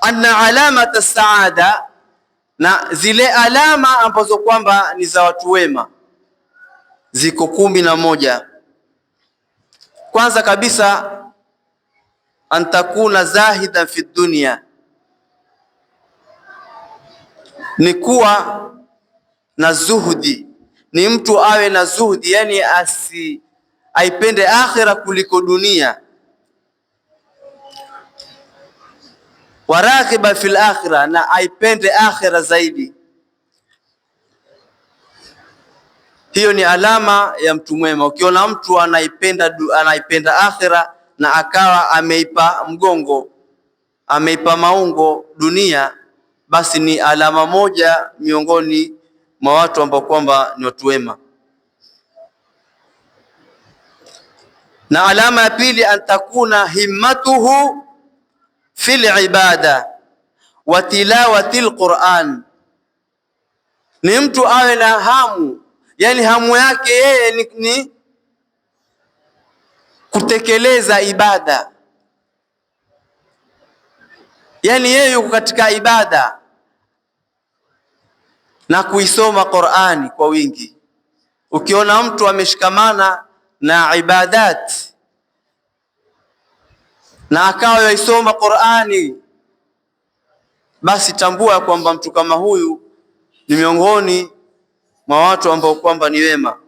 anna alamata saada, na zile alama ambazo kwamba ni za watu wema ziko kumi na moja. Kwanza kabisa antakuna zahidan fi dunya, ni kuwa na zuhudi, ni mtu awe na zuhudi, yani asi aipende akhira kuliko dunia warakiba fil akhira, na aipende akhira zaidi. Hiyo ni alama ya mtu mwema. Ukiona mtu anaipenda, anaipenda akhira na akawa ameipa mgongo, ameipa maungo dunia, basi ni alama moja miongoni mwa watu ambao kwamba ni watu wema. Na alama ya pili, antakuna himmatuhu fil ibada wa tilawati alquran, ni mtu awe na hamu, yani hamu yake yeye ni, ni kutekeleza ibada, yani yeye yuko katika ibada na kuisoma Qurani kwa wingi. Ukiona mtu ameshikamana na ibadati na akawa yaisoma Qur'ani, basi tambua kwamba mtu kama huyu ni miongoni mwa watu ambao kwamba ni wema.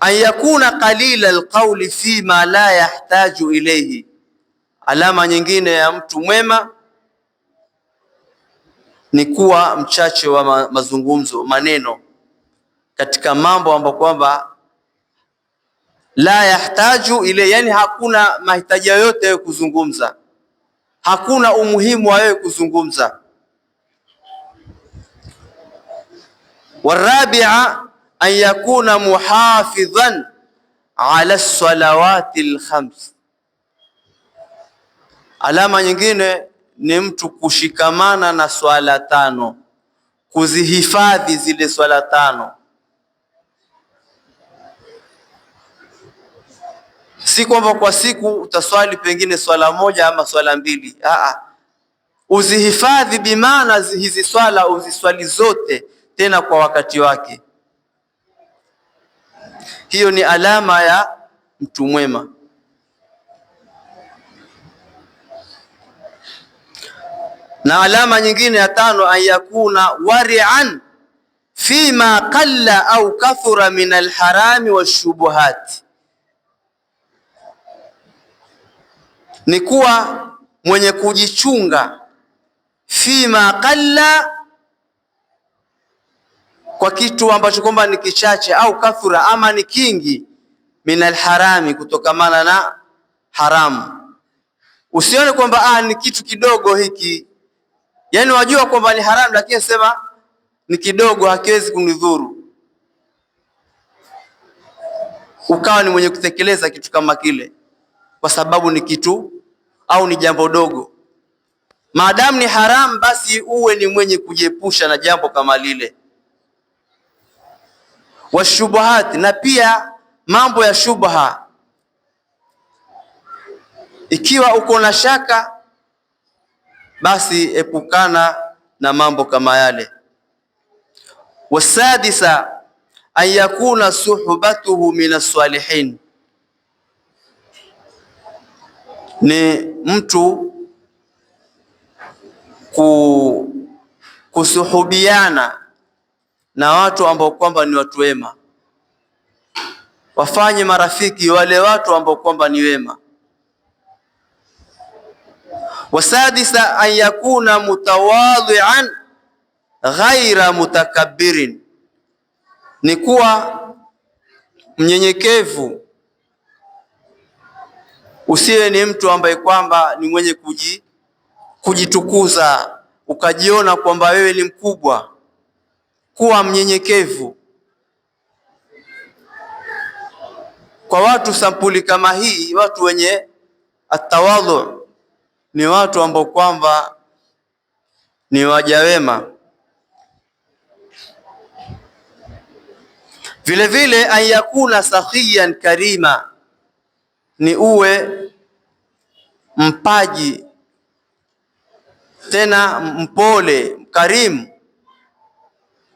An yakuna qalila alqawli fi ma la yahtaju ilayhi, alama nyingine ya mtu mwema ni kuwa mchache wa mazungumzo, maneno katika mambo ambayo kwamba la yahtaju ile, yani hakuna mahitaji yoyote wewe kuzungumza, hakuna umuhimu wa wewe kuzungumza. Warabia, an yakuna muhafidhan ala salawati lkhams. Alama nyingine ni mtu kushikamana na swala tano, kuzihifadhi zile swala tano si kwamba kwa siku utaswali pengine swala moja ama swala mbili. Aa, uzihifadhi bimaana hizi swala uziswali zote, tena kwa wakati wake. Hiyo ni alama ya mtu mwema. Na alama nyingine ya tano, anyakuna warian fima qalla au kathura min alharami washubuhati ni kuwa mwenye kujichunga fima qalla, kwa kitu ambacho kwamba ni kichache au kathura, ama ni kingi, min alharami, kutokamana na haramu. Usione kwamba ah, ni kitu kidogo hiki, yaani wajua kwamba ni haramu, lakini sema ni kidogo, hakiwezi kunidhuru, ukawa ni mwenye kutekeleza kitu kama kile kwa sababu ni kitu au ni jambo dogo. Maadamu ni haramu, basi uwe ni mwenye kujiepusha na jambo kama lile. Washubuhati, na pia mambo ya shubha. Ikiwa uko na shaka, basi epukana na mambo kama yale. Wasadisa, an yakuna suhbatuhu min as-salihin ni mtu kusuhubiana na watu ambao kwamba ni watu wema, wafanye marafiki wale watu ambao kwamba ni wema. Wasadisa, an yakuna mutawadhian ghaira mutakabbirin, ni kuwa mnyenyekevu Usiwe ni mtu ambaye kwamba ni mwenye kuji, kujitukuza ukajiona kwamba wewe ni mkubwa. Kuwa mnyenyekevu kwa watu sampuli kama hii. Watu wenye atawadhu ni watu ambao kwamba ni wajawema. Vilevile, an yakuna sakhiyan karima ni uwe mpaji tena mpole mkarimu.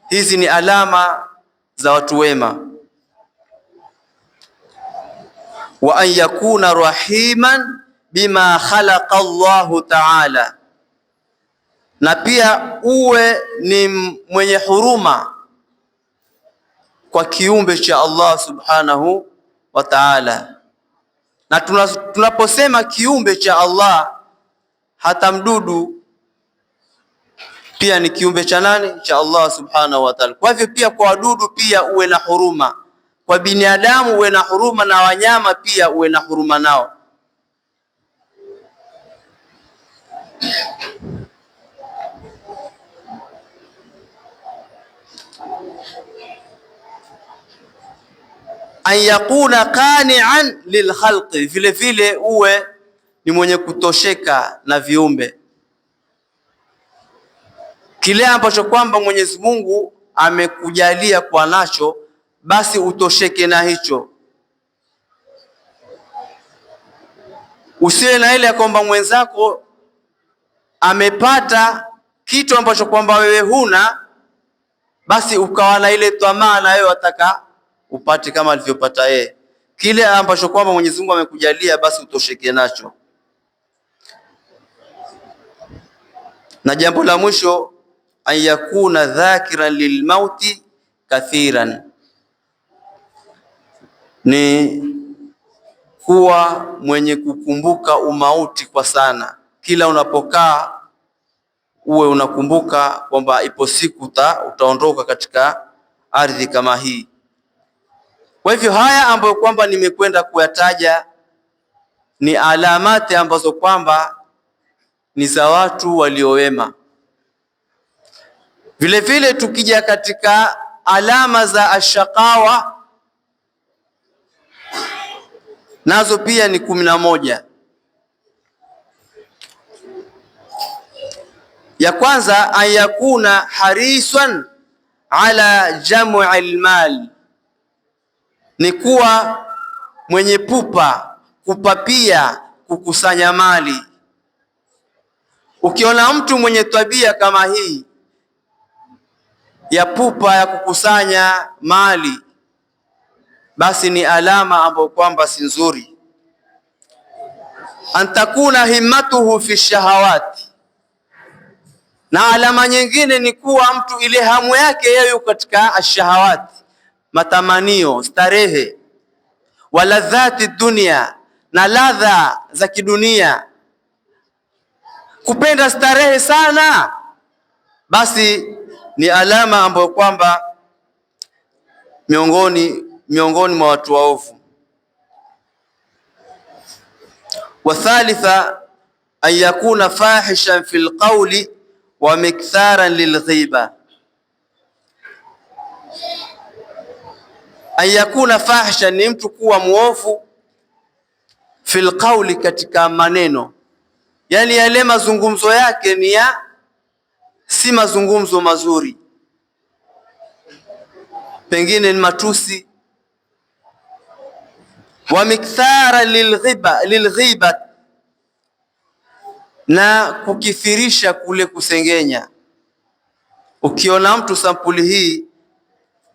Hizi ni alama za watu wema. Wa an yakuna rahiman bima khalaqa Allahu taala, na pia uwe ni mwenye huruma kwa kiumbe cha Allah subhanahu wa taala. Na tunaposema kiumbe cha Allah, hata mdudu pia ni kiumbe cha nani? Cha Allah subhanahu wa ta'ala. Kwa hivyo pia kwa wadudu pia uwe na huruma, kwa binadamu uwe na huruma, na wanyama pia uwe na huruma nao. an yakuna qani'an lilkhalqi, vile vile uwe ni mwenye kutosheka na viumbe, kile ambacho kwamba Mwenyezi Mungu amekujalia kwa nacho, basi utosheke na hicho. Usiwe na ile ya kwamba mwenzako amepata kitu ambacho kwamba wewe huna, basi ukawa na ile tamaa na wewe wataka upate kama alivyopata yeye. Kile ambacho kwamba Mwenyezi Mungu amekujalia basi utosheke nacho. Na jambo la mwisho, ayakuna dhakiran lilmauti kathiran, ni kuwa mwenye kukumbuka umauti kwa sana. Kila unapokaa uwe unakumbuka kwamba ipo siku ta utaondoka katika ardhi kama hii. Kwa hivyo haya ambayo kwamba nimekwenda kuyataja ni alamati ambazo kwamba ni za watu waliowema. Vile vile tukija katika alama za ashakawa nazo pia ni kumi na moja. Ya kwanza, an yakuna harisan ala jamu almal ni kuwa mwenye pupa, kupapia, kukusanya mali. Ukiona mtu mwenye tabia kama hii ya pupa ya kukusanya mali, basi ni alama ambayo kwamba si nzuri. Antakuna himmatuhu fi shahawati, na alama nyingine ni kuwa mtu ile hamu yake yeye katika ashahawati matamanio, starehe, waladhati dunia, na ladha za kidunia, kupenda starehe sana, basi ni alama ambayo kwamba miongoni miongoni mwa watu waovu. Wa thalitha an yakuna fahishan fil qawli wa miktharan lilghiba Anyakuna fahsha ni mtu kuwa muovu fil qawli, katika maneno, yani yale mazungumzo yake ni ya si mazungumzo mazuri, pengine ni matusi. Wa mikthara lilghiba lilghiba, na kukithirisha kule kusengenya. Ukiona mtu sampuli hii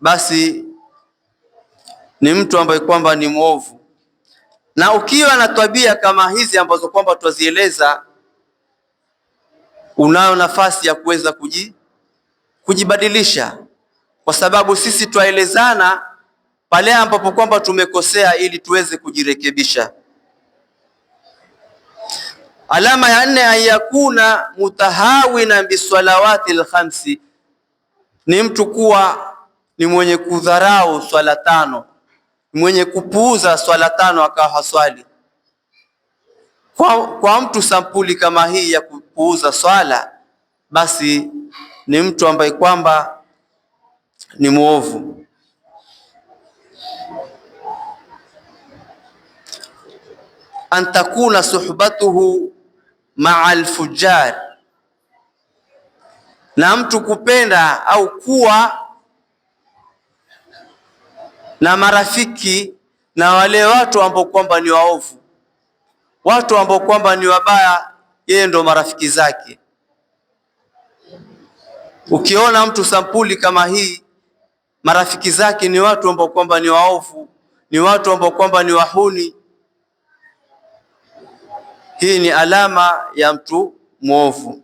basi ni mtu ambaye kwamba ni mwovu, na ukiwa na tabia kama hizi ambazo kwamba twazieleza, unayo nafasi ya kuweza kuji, kujibadilisha, kwa sababu sisi twaelezana pale ambapo kwamba tumekosea ili tuweze kujirekebisha. Alama ya nne, ayakuna mutahawina bisalawati alkhamsi, ni mtu kuwa ni mwenye kudharau swala tano mwenye kupuuza swala tano akawa haswali. Kwa, kwa mtu sampuli kama hii ya kupuuza swala, basi ni mtu ambaye kwamba ni mwovu. an takuna suhbatuhu maa alfujjar, na mtu kupenda au kuwa na marafiki na wale watu ambao kwamba ni waovu, watu ambao kwamba ni wabaya, yeye ndo marafiki zake. Ukiona mtu sampuli kama hii, marafiki zake ni watu ambao kwamba ni waovu, ni watu ambao kwamba ni wahuni. Hii ni alama ya mtu mwovu.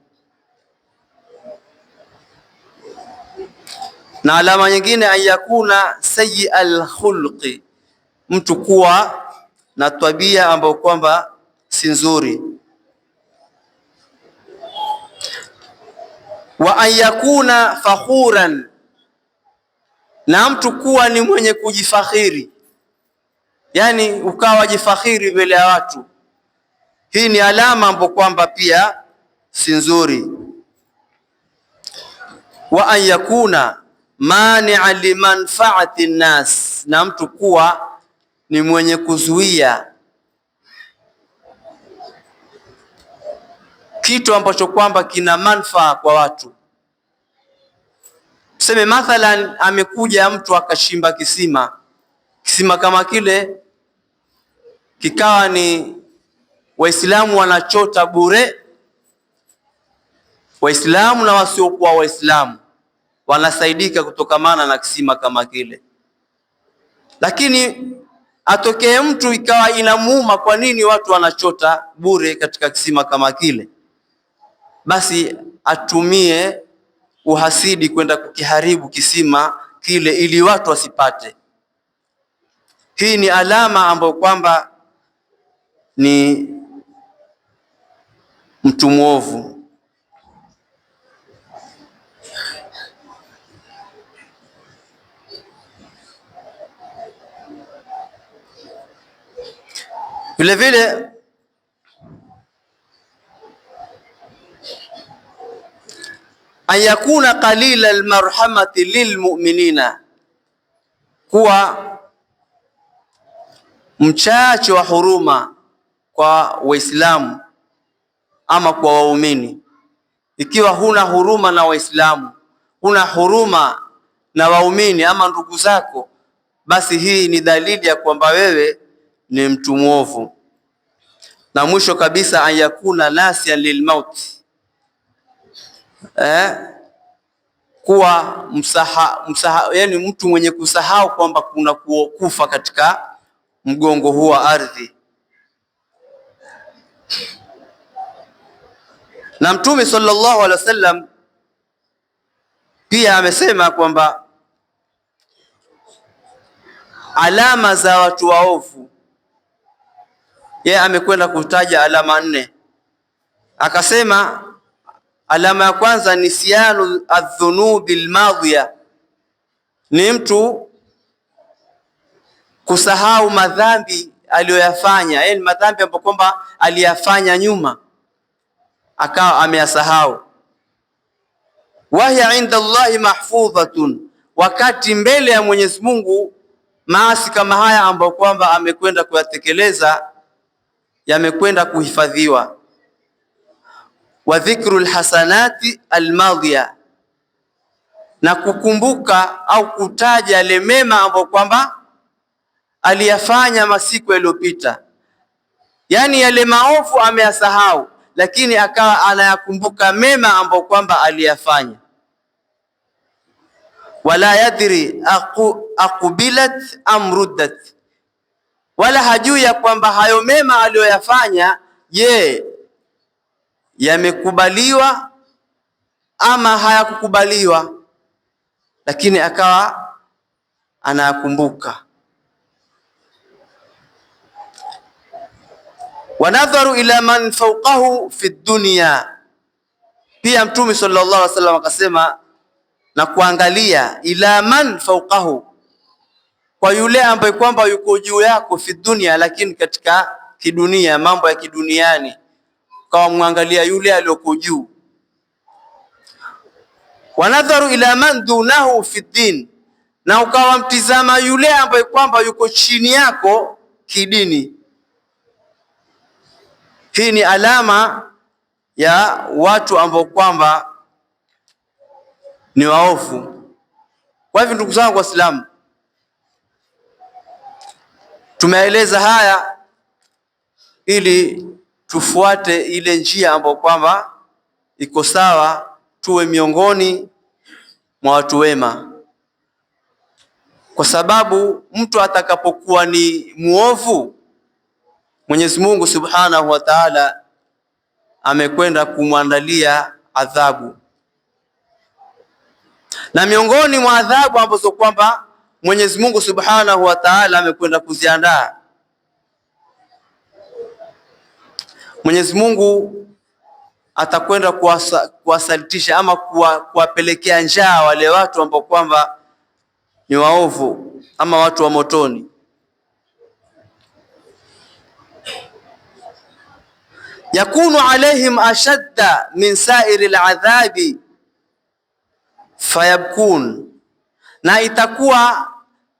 na alama nyingine ayakuna sayyi alkhulqi, mtu kuwa na tabia ambayo kwamba si nzuri. Wa ayakuna fakhuran, na mtu kuwa ni mwenye kujifakhiri, yani ukawa jifakhiri mbele ya watu. Hii ni alama ambayo kwamba pia si nzuri. Wa ayakuna mania limanfaati nnas, na mtu kuwa ni mwenye kuzuia kitu ambacho kwamba kina manfaa kwa watu. Tuseme mathalan, amekuja mtu akashimba kisima, kisima kama kile kikawa ni Waislamu wanachota bure, Waislamu na wasiokuwa Waislamu wanasaidika kutokamana na kisima kama kile. Lakini atokee mtu ikawa inamuuma, kwa nini watu wanachota bure katika kisima kama kile? Basi atumie uhasidi kwenda kukiharibu kisima kile, ili watu wasipate. Hii ni alama ambayo kwamba ni mtu mwovu. Vile vile ayakuna qalila almarhamati lilmu'minina, kuwa mchache wa huruma kwa Waislamu ama kwa waumini. Ikiwa huna huruma na Waislamu, huna huruma na waumini ama ndugu zako, basi hii ni dalili ya kwamba wewe ni mtu mwovu. Na mwisho kabisa, anyakuna nasia lilmauti eh, kuwa msaha, msaha, yani mtu mwenye kusahau kwamba kuna kufa katika mgongo huu wa ardhi. Na Mtume sallallahu alaihi wasallam pia amesema kwamba alama za watu waovu ye amekwenda kutaja alama nne, akasema alama ya kwanza ni siyanu adhunubi almadhiya, ni mtu kusahau madhambi aliyoyafanya, yaani madhambi ambayo kwamba aliyafanya nyuma akawa ameyasahau. Wahiya inda Allahi mahfudhatun, wakati mbele ya Mwenyezi Mungu maasi kama haya ambayo kwamba amekwenda kuyatekeleza yamekwenda kuhifadhiwa. Wa dhikru lhasanati almadhiya, na kukumbuka au kutaja yale mema ambayo kwamba aliyafanya masiku yaliyopita, yaani yale maovu ameyasahau, lakini akawa anayakumbuka mema ambayo kwamba aliyafanya. Wala yadri aqubilat amruddat wala hajui ya kwamba hayo mema aliyoyafanya, je, yamekubaliwa ama hayakukubaliwa, lakini akawa anayakumbuka. Wanadharu ila man fawqahu fi dunya, pia Mtume sallallahu alaihi wasallam akasema na kuangalia ila man fawqahu kwa yule ambaye kwamba yuko juu yako fi dunia, lakini katika kidunia, mambo ya kiduniani, ukawamwangalia mwangalia yule aliyoko juu. Wanadharu ila man dunahu fi din, na ukawa mtizama yule ambaye kwamba yuko chini yako kidini. Hii ni alama ya watu ambao kwamba ni waofu. Kwa hivyo ndugu zangu Waislamu, Tumeeleza haya ili tufuate ile njia ambayo kwamba iko sawa, tuwe miongoni mwa watu wema, kwa sababu mtu atakapokuwa ni muovu, Mwenyezi Mungu Subhanahu wa Ta'ala amekwenda kumwandalia adhabu, na miongoni mwa adhabu ambazo kwamba Mwenyezi Mungu Subhanahu wa Ta'ala amekwenda kuziandaa. Mwenyezi Mungu atakwenda kuwasalitisha ama kuwapelekea njaa wale watu ambao kwamba ni waovu ama watu wa motoni. yakunu alaihim ashadda min sairi ladhabi fayabkun na itakuwa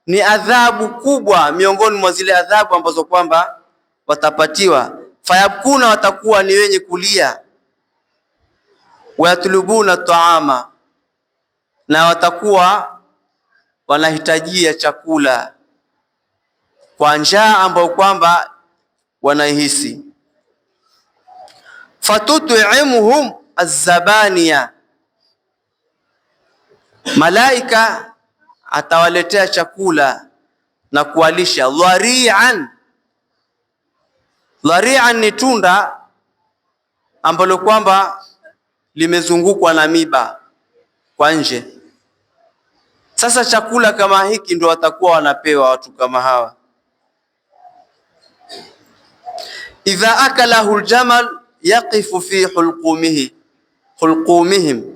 ni adhabu kubwa miongoni mwa zile adhabu ambazo kwamba watapatiwa. Fayabkuna, watakuwa ni wenye kulia. Wayatlubuna taama, na watakuwa wanahitajia chakula kwa njaa ambayo kwamba wanaihisi. Fatut'imuhum azabania, malaika atawaletea chakula na kuwalisha. Dhari'an, dhari'an ni tunda ambalo kwamba limezungukwa na miba kwa nje. Sasa chakula kama hiki ndio watakuwa wanapewa watu kama hawa. Idha akalahu aljamal yaqifu fi hulqumihi hulqumihim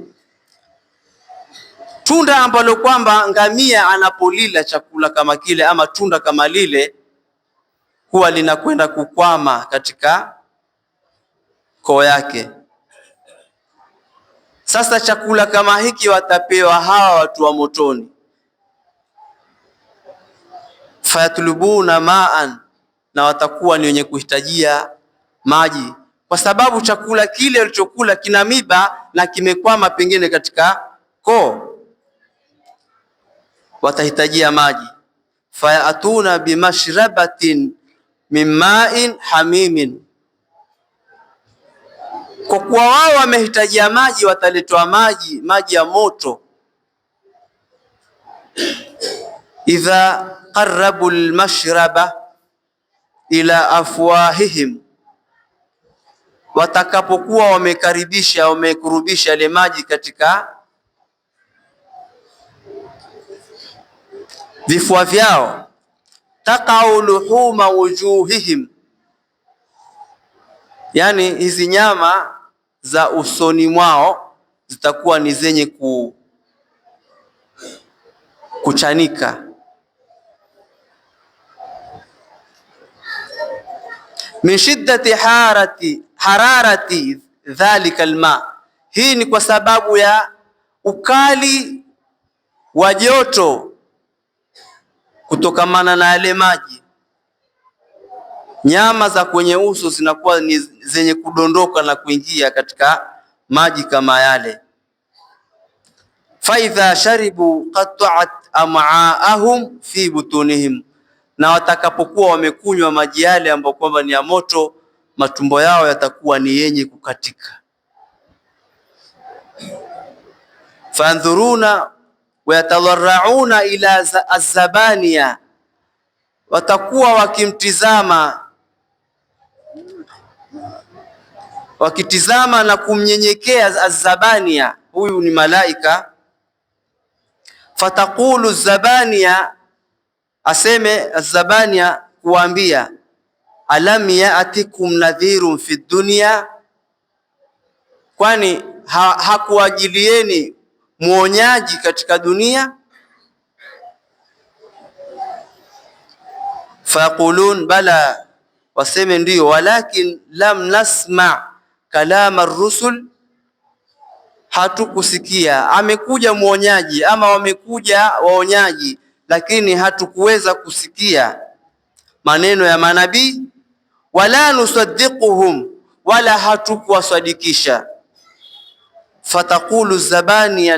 tunda ambalo kwamba ngamia anapolila chakula kama kile ama tunda kama lile huwa linakwenda kukwama katika koo yake. Sasa chakula kama hiki watapewa hawa watu wa motoni, fayatlubuna maan, na watakuwa ni wenye kuhitajia maji, kwa sababu chakula kile walichokula kina miba na kimekwama pengine katika koo watahitajia maji, fayatuna bimashrabatin min ma'in hamimin, kwa kuwa wao wamehitajia maji, wataletwa maji, maji ya moto. Idha qarabu lmashraba ila afwahihim, watakapokuwa wamekaribisha wamekurubisha ile maji katika vifua vyao, takau luhuma wujuhihim, yani hizi nyama za usoni mwao zitakuwa ni zenye ku, kuchanika. Min shiddati harati hararati dhalika alma, hii ni kwa sababu ya ukali wa joto kutokamana na yale maji, nyama za kwenye uso zinakuwa ni zenye kudondoka na kuingia katika maji kama yale. faidha sharibu qat'at am'aahum fi butunihim, na watakapokuwa wamekunywa maji yale ambayo kwamba ni ya moto, matumbo yao yatakuwa ni yenye kukatika. fandhuruna wayatawarrauna ila azabania, watakuwa wakimtizama wakitizama na kumnyenyekea. Azabania huyu ni malaika. Fataqulu zabania, aseme azabania kuambia, alam yaatikum nadhirun fi dunya, kwani ha, hakuwajilieni mwonyaji katika dunia. Fayaqulun bala, waseme ndiyo. Walakin lam nasma kalama rusul, hatukusikia. Amekuja mwonyaji ama wamekuja waonyaji, lakini hatukuweza kusikia maneno ya manabii. Wala nusaddiquhum, wala hatukuwasadikisha fataqulu zabani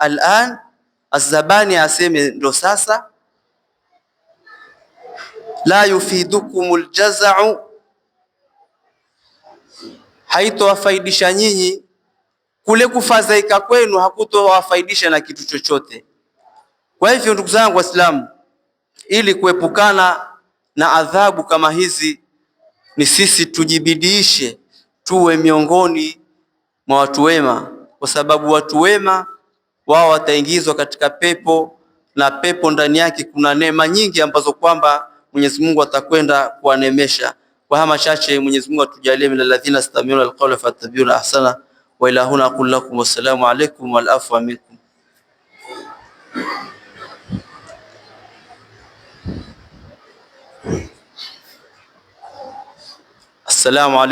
alan, azabani aseme ndo sasa. La yufidukum ljazau haitowafaidisha nyinyi, kule kufadhaika kwenu hakutowafaidisha na kitu chochote. Kwa hivyo ndugu zangu Waislamu, ili kuepukana na adhabu kama hizi, ni sisi tujibidiishe tuwe miongoni mwa watu wema kwa sababu watu wema wao wataingizwa katika pepo, na pepo ndani yake kuna neema nyingi ambazo kwamba Mwenyezi Mungu atakwenda kuwanemesha. Kwa haya machache, Mwenyezi Mungu atujalie min alladhina yastami'una alqawla fayattabi'una ahsana. Wa ila huna aqulu lakum wassalamu alaykum wal afwa minkum. Assalamu alaykum.